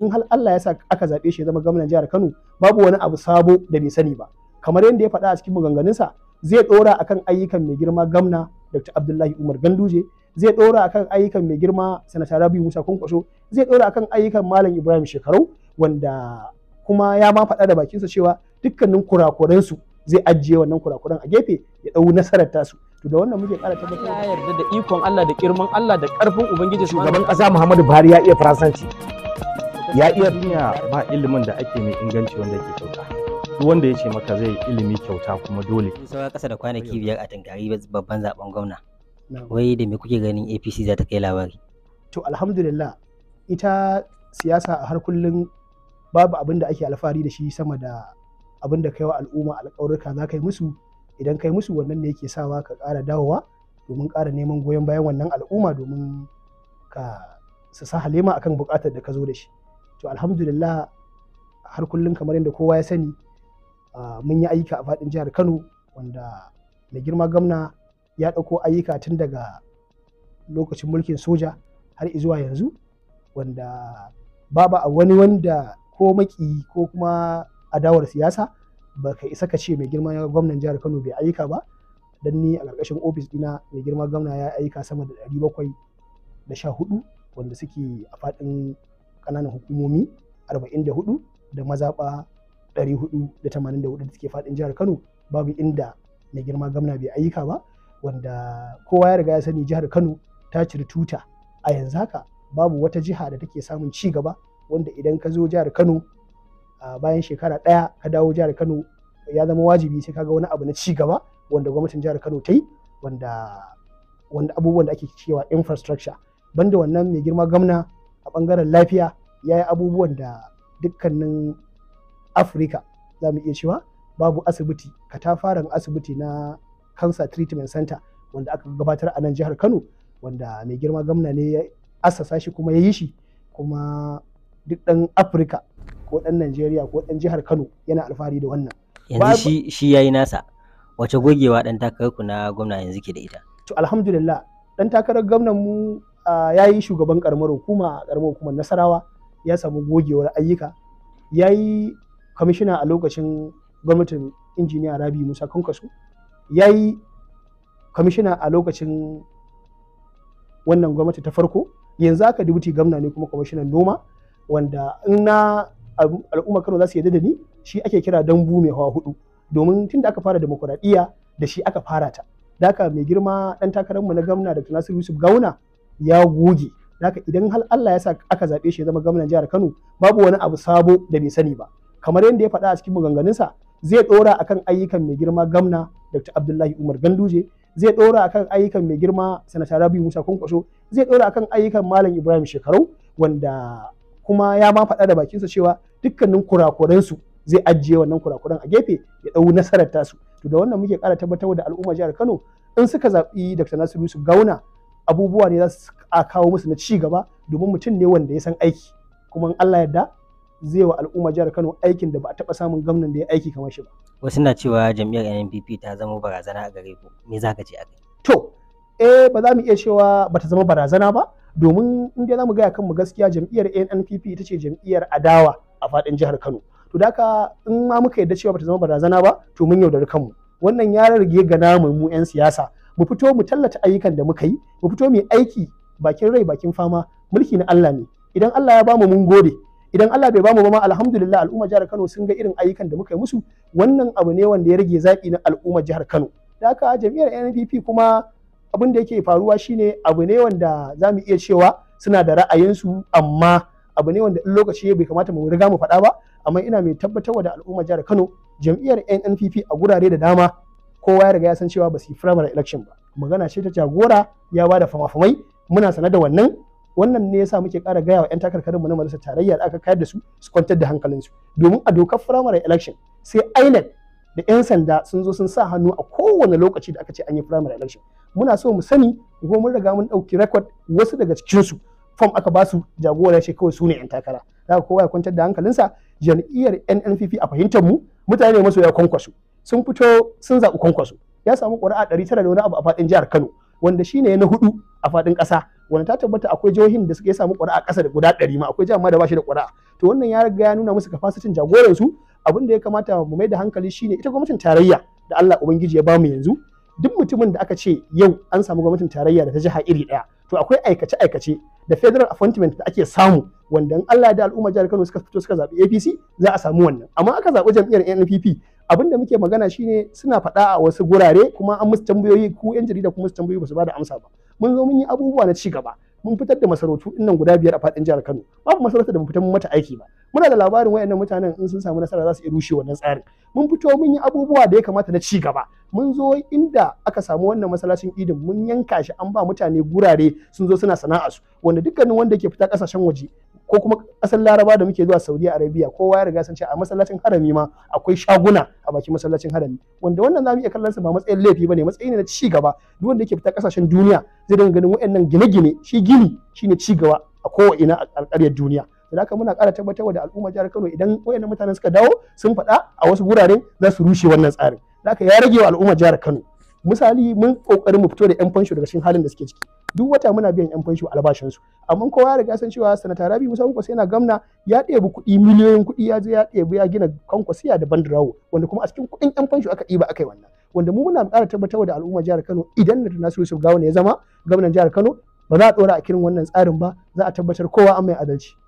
in hal Allah ya sa aka zaɓe shi ya zama gwamnan jihar Kano babu wani abu sabo da bai sani ba kamar yadda ya faɗa a cikin maganganunsa zai ɗora akan ayyukan mai girma gamna Dr. Abdullahi Umar Ganduje zai ɗora akan ayyukan mai girma sanata Rabi Musa Kwankwaso zai ɗora akan ayyukan Malam Ibrahim Shekarau wanda kuma ya ma faɗa da bakinsa cewa dukkanin kurakuransu zai ajiye wannan kurakuran a gefe ya ɗau nasarar tasu to da wannan muke ƙara tabbatar ya yarda da ikon Allah da kirman Allah da ƙarfin ubangiji shugaban ƙasa Muhammadu Buhari ya iya faransanci ya iya duniya ba ilimin da ake mai inganci wanda ke kyauta duk wanda ya ce maka zai yi ilimi kyauta kuma dole sauran kasa da kwanaki biyar a tankari babban zaben gwamna wai da me kuke ganin apc za ta kai labari to alhamdulillah ita siyasa a har kullum babu abin da ake alfahari da shi sama da abin da kai wa al'umma alƙawarka za ka yi musu idan kai musu wannan ne yake sawa ka ƙara dawowa domin ƙara neman goyon bayan wannan al'umma domin ka su sa halima akan bukatar da ka zo da shi to alhamdulillah har kullum kamar yadda kowa ya sani mun yi ayyuka a faɗin jihar kano wanda mai girma gamna ya ɗauko ayyuka tun daga lokacin mulkin soja har zuwa yanzu wanda babu a wani wanda ko maki ko kuma adawar siyasa ba ka isa ka ce mai girma gwamnan jihar kano bai ayyuka ba don ni a ƙarƙashin ofis ɗina mai girma gwamna ya ayyuka sama da 714 wanda suke a faɗin kananan hukumomi 44 da mazaɓa 484 da suke faɗin jihar Kano babu inda mai girma gamna bai ayyuka ba wanda kowa ya riga ya sani jihar Kano ta ciri tuta a yanzu haka babu wata jiha da take samun ci gaba wanda idan ka zo jihar Kano bayan shekara ɗaya ka dawo jihar Kano ya zama wajibi sai kaga wani abu na ci gaba wanda gwamnatin jihar Kano ta yi wanda wanda abubuwan da ake cewa infrastructure banda wannan mai girma gwamna a bangaren lafiya ya yi abubuwan da dukkanin afirka za mu iya cewa babu asibiti katafaren asibiti na cancer treatment center wanda aka gabatar a nan jihar kano wanda mai girma gamna ne ya asasa shi kuma ya yi shi kuma duk ɗan afirka ko ɗan najeriya ko ɗan jihar kano yana alfahari da wannan yanzu shi ya yi nasa wace gogewa ɗan takararku na gwamna yanzu ke da ita to alhamdulillah ɗan takarar gwamnan mu ya yi shugaban karamar hukuma a karamar hukumar nasarawa ya samu gogewar ayyuka ya yi kwamishina a lokacin gwamnatin injiniya rabi musa kankaso ya yi kwamishina a lokacin wannan gwamnati ta farko yanzu aka dubuti gwamna ne kuma kwamishinan noma wanda in na al'umma kano za su yadda da ni shi ake kira dambu mai hawa hudu domin tun da aka fara demokuraɗiyya da shi aka fara ta da mai girma ɗan takararmu na gwamna da nasiru yusuf gauna ya goge haka idan hal Allah ya sa aka zaɓe shi ya zama gwamnan jihar Kano babu wani abu sabo da bai sani ba kamar yadda ya faɗa a cikin maganganunsa zai ɗora akan ayyukan mai girma gamna Dr. Abdullahi Umar Ganduje zai ɗora akan ayyukan mai girma sanata Rabi Musa Kwankwaso zai ɗora akan ayyukan Malam Ibrahim Shekarau wanda kuma ya ma faɗa da bakinsa cewa dukkanin kurakuransu zai ajiye wannan kurakuran a gefe ya ɗau nasarar tasu to da wannan muke ƙara tabbatar da al'ummar jihar Kano in suka zaɓi Dr. Nasiru Yusuf Gauna abubuwa ne za su kawo musu na ci gaba domin mutum ne wanda ya san aiki kuma Allah yarda zai wa al'umma jihar Kano aikin da ba a taɓa samun gwamnan da ya aiki kamar shi ba. Wasu na cewa jam'iyyar NNPP ta zama barazana a gare ku, me za ce a To, eh ba za mu iya cewa ba ta zama barazana ba, domin in dai za mu gaya kanmu gaskiya jam'iyyar NNPP ita ce jam'iyyar adawa a fadin jihar Kano. To da ka, in ma muka yadda cewa ba ta zama barazana ba, to mun yaudari kanmu. Wannan ya rage ga namu mu 'yan siyasa mu fito mu tallata ayyukan da muka yi mu fito mu aiki bakin rai bakin fama mulki na Allah ne idan Allah ya bamu mun gode idan Allah bai bamu ba ma alhamdulillah al'umma jihar Kano sun ga irin ayyukan da muka yi musu wannan abu ne wanda ya rage zaɓi na al'umma jihar Kano da haka jami'ar NPP kuma abin da yake faruwa shine abu ne wanda za mu iya cewa suna da ra'ayinsu amma abu ne wanda in lokaci bai kamata mu riga mu faɗa ba amma ina mai tabbatarwa da al'umma jihar Kano jam'iyyar NNPP a gurare da dama kowa ya riga ya san cewa ba su yi primary election ba magana ce ta jagora ya ba da famai muna sanar da wannan wannan ne yasa muke ƙara gaya wa 'yan takarkarin mu na majalisar tarayya da aka kayar da su su kwantar da hankalinsu domin a dokar firamare election sai INEC da 'yan sanda sun zo sun sa hannu a kowane lokaci da aka ce an yi primary election muna so mu sani ko mun riga mun ɗauki record wasu daga cikinsu fom aka ba su jagora ce kawai su ne 'yan takara za kowa ya kwantar da hankalinsa jam'iyyar nnpp a fahimtar mu mutane masoya kwankwaso sun fito sun zaɓi kwankwaso ya samu ƙuri'a ɗari tara da wani abu a faɗin jihar Kano wanda shine na hudu a faɗin ƙasa wanda ta tabbata akwai jihohin da suka samu ƙuri'a ƙasa da guda ɗari ma akwai jihar ma da ba shi da ƙuri'a to wannan ya riga ya nuna musu kafasitin jagoran su abin da ya kamata mu mai da hankali shine ita gwamnatin tarayya da Allah ubangiji ya ba mu yanzu duk mutumin da aka ce yau an samu gwamnatin tarayya da ta jiha iri ɗaya to akwai aikace aikace da federal appointment da ake samu wanda in Allah da al'umma jihar Kano suka fito suka zaɓi APC za a samu wannan amma aka zaɓi jam'iyyar NPP abin da muke magana shine suna faɗa a wasu gurare kuma an musu tambayoyi ku yan jarida kuma musu tambayoyi ba su bada amsa ba mun zo mun yi abubuwa na ci gaba mun fitar da masarautu nan guda biyar a faɗin jihar Kano babu masarautar da mu fitar mata aiki ba muna da labarin wayannan mutanen in sun samu nasara za su iya rushe wannan tsarin mun fito mun yi abubuwa da ya kamata na ci gaba mun zo inda aka samu wannan masallacin idin mun yanka shi an ba mutane gurare sun zo suna sana'a su wanda dukkanin wanda ke fita kasashen waje ko kuma ƙasar laraba da muke zuwa saudi arabia kowa ya riga san ce a masallacin harami ma akwai shaguna a bakin masallacin harami wanda wannan zamu iya kallon sa ba matsayin laifi bane matsayi ne na ci gaba duk wanda yake fita kasashen duniya zai dinga ganin waɗannan gine-gine shi gini shine ci gaba a ina a alƙaryar duniya da haka muna ƙara tabbatarwa da al'umma jihar Kano idan wayannan mutanen suka dawo sun faɗa a wasu wurare za su rushe wannan tsarin da haka ya rage wa al'umma jihar Kano misali mun kokarin mu fito da yan fansho daga cikin halin da suke ciki duk wata muna biyan yan fansho albashin su amma kowa ya riga san cewa sanata rabi musa kwasi yana gamna ya ɗebi kuɗi miliyoyin kuɗi ya je ya ɗebi ya gina kankwasiya da bandirawo wanda kuma a cikin kuɗin yan fansho aka ɗiba aka yi wannan wanda mu muna ƙara tabbatar da al'umma jihar Kano idan na Nasiru Yusuf Gawon ya zama gwamnan jihar Kano ba za a ɗora a kirin wannan tsarin ba za a tabbatar kowa an mai adalci